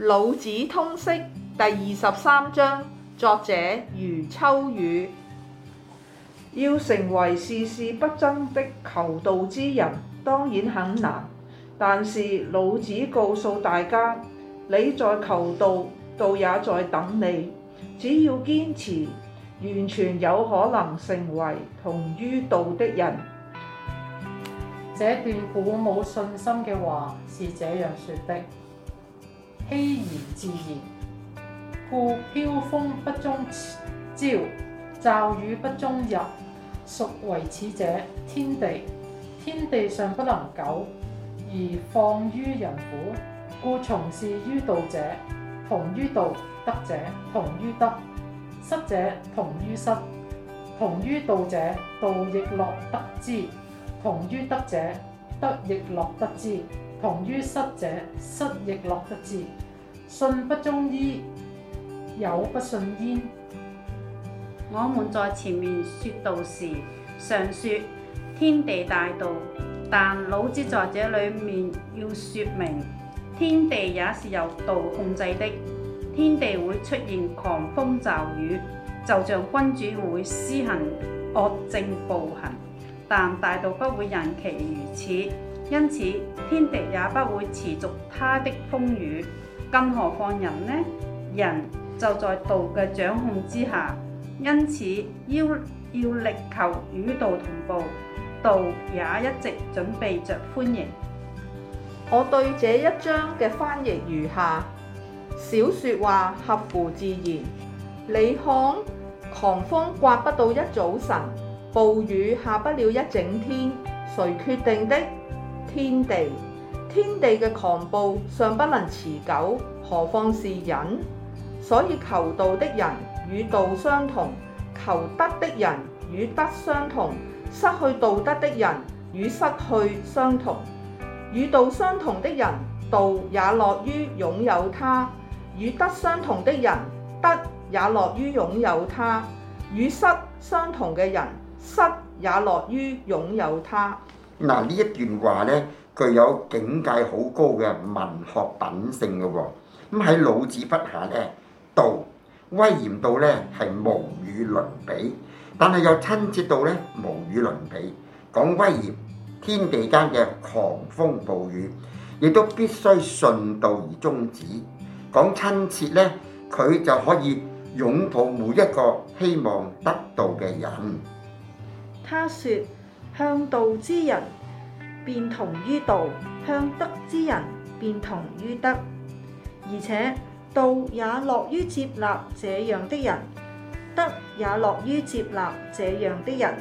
《老子通識》第二十三章，作者余秋雨。要成為事事不爭的求道之人，當然很難。但是老子告訴大家，你在求道，道也在等你。只要堅持，完全有可能成為同於道的人。這段鼓舞信心嘅話是這樣說的。希言自然，故飄風不終朝，驟雨不終日。孰為此者？天地。天地尚不能久，而況於人乎？故從事於道者，同於道，德者同於德，失者同於失。同於道者，道亦樂，樂得之；同於德者，德亦樂，樂得之。同於失者，失亦樂不至；信不足焉，有不信焉。我們在前面説道時，常説天地大道，但老子在這裏面要説明，天地也是由道控制的。天地會出現狂風驟雨，就像君主會施行惡政暴行，但大道不會任其如此。因此，天地也不會持續他的風雨，更何況人呢？人就在道嘅掌控之下，因此要要力求與道同步。道也一直準備着歡迎。我對這一章嘅翻譯如下：少説話合乎自然。你看，狂風刮不到一早晨，暴雨下不了一整天，誰決定的？天地，天地嘅狂暴尚不能持久，何況是人？所以求道的人與道相同，求德的人與德相同，失去道德的人與失去相同。與道相同的人，道也樂於擁有他；與德相同的人，德也樂於擁有他；與失相同嘅人，失也樂於擁有他。嗱，呢一段話呢，具有境界好高嘅文學品性嘅喎、哦。咁、嗯、喺老子筆下呢，道「道」威嚴到呢係無與倫比，但係又親切到呢無與倫比。講威嚴，天地間嘅狂風暴雨，亦都必須順道而終止；講親切呢，佢就可以擁抱每一個希望得到嘅人。他說。向道之人便同於道，向德之人便同於德，而且道也樂於接納這樣的人，德也樂於接納這樣的人，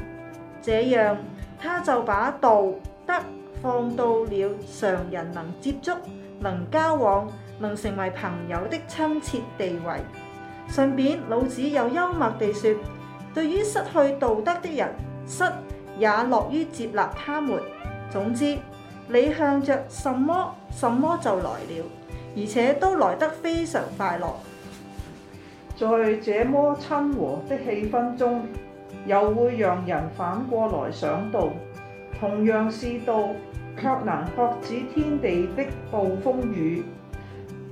這樣他就把道德放到了常人能接觸、能交往、能成為朋友的親切地位。順便，老子又幽默地說：對於失去道德的人，失也樂於接納他們。總之，你向着什麼，什麼就來了，而且都來得非常快樂。在這麼親和的氣氛中，又會讓人反過來想到，同樣是道，卻能駁指天地的暴風雨。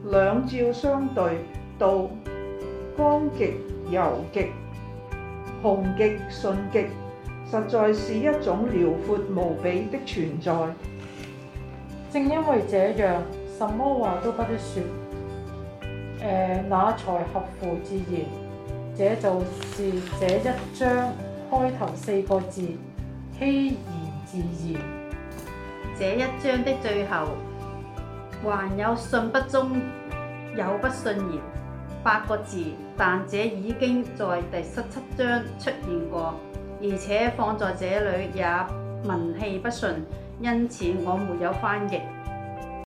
兩照相對到，道光極柔極，紅極順極。實在是一種遼闊無比的存在。正因為這樣，什麼話都不得説、呃，那才合乎自然。這就是這一章開頭四個字：希言自然。這一章的最後還有「信不足焉、有不信焉」八個字，但這已經在第十七章出現過。而且放在這裏也文氣不順，因此我沒有翻譯。